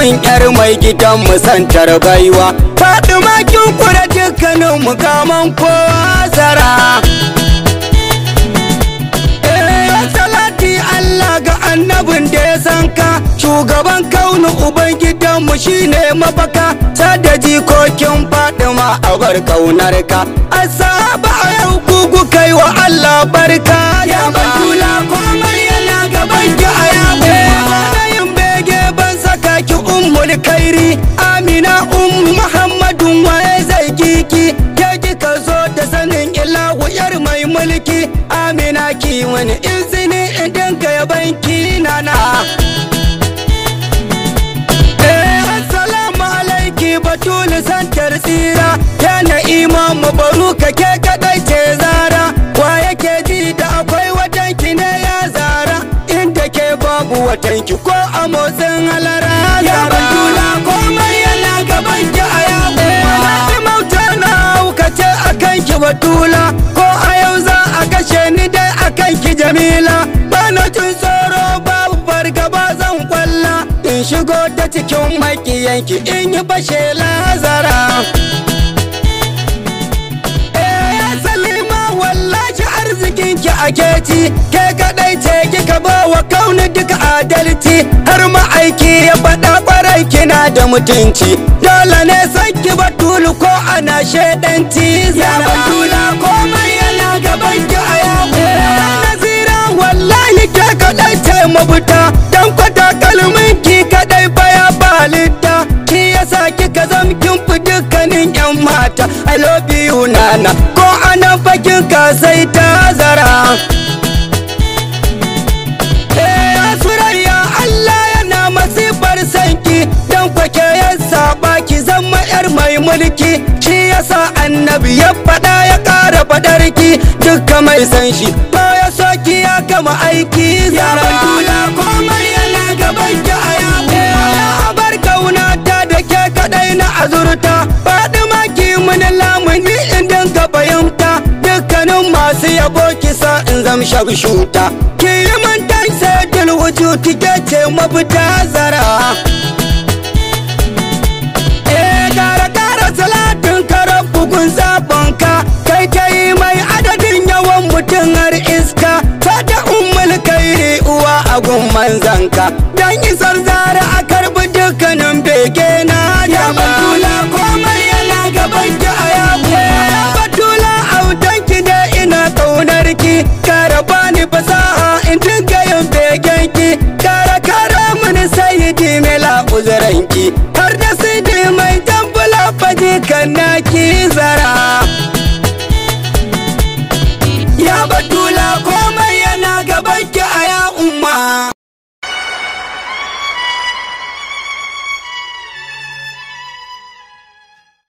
kun yar mai gidan mu santar baiwa Fatima kin kura dukkanin mu kaman kowa zara eh, salati Allah ga annabin da ya san ka shugaban kaunu uban gidanmu shine mafaka da jikokin faɗima a bar kaunar ka asaba a yau gugu kai wa Allah barka umul amina ummu muhammadun waye zai kiki ke kika zo da sanin ilahu mai mulki amina ki wani izini in ka ya banki nana eh, Batulu santar tsira, yana mabaru ka ke san ko a motsin alara ya ban ko komai yana gaban ki a yawo na mauta na haukace a kan ki batula ko a yau za a kashe ni dai a ki jamila bana tun tsoro babu fargaba zan kwalla in shigo ta cikin makiyanki in yi bashe lazara eh salima wallahi arzikin a keci adalci har ma'aiki ya faɗa kwarai kina da mutunci dole ne sanki batulu ko ana shaidanci ya batula komai yana gaban ki a na zira wallahi ke kaɗai ce don dan kwata kalmin ki kaɗai baya balita ki yasa kika zam kin fi dukkanin yan mata i love you nana ko anan fakin ka sai ta zara mulki shi yasa annabi ya faɗa ya ƙara fadarki duk mai san shi ko ya soki ya kama aiki zara ya komai yana gaban ki a yaƙi ya bar kaunata da ke kaɗai na azurta faɗi maki mun lamuni idan ka fahimta dukkanin masu yabo kisa in zam shabshuta ki yi mantan sai dalwuju kike ce mafita zara sautin har iska fata ummul kairi uwa a gumman zanka dan isar zara a karbi dukkanin bege na ya batula ko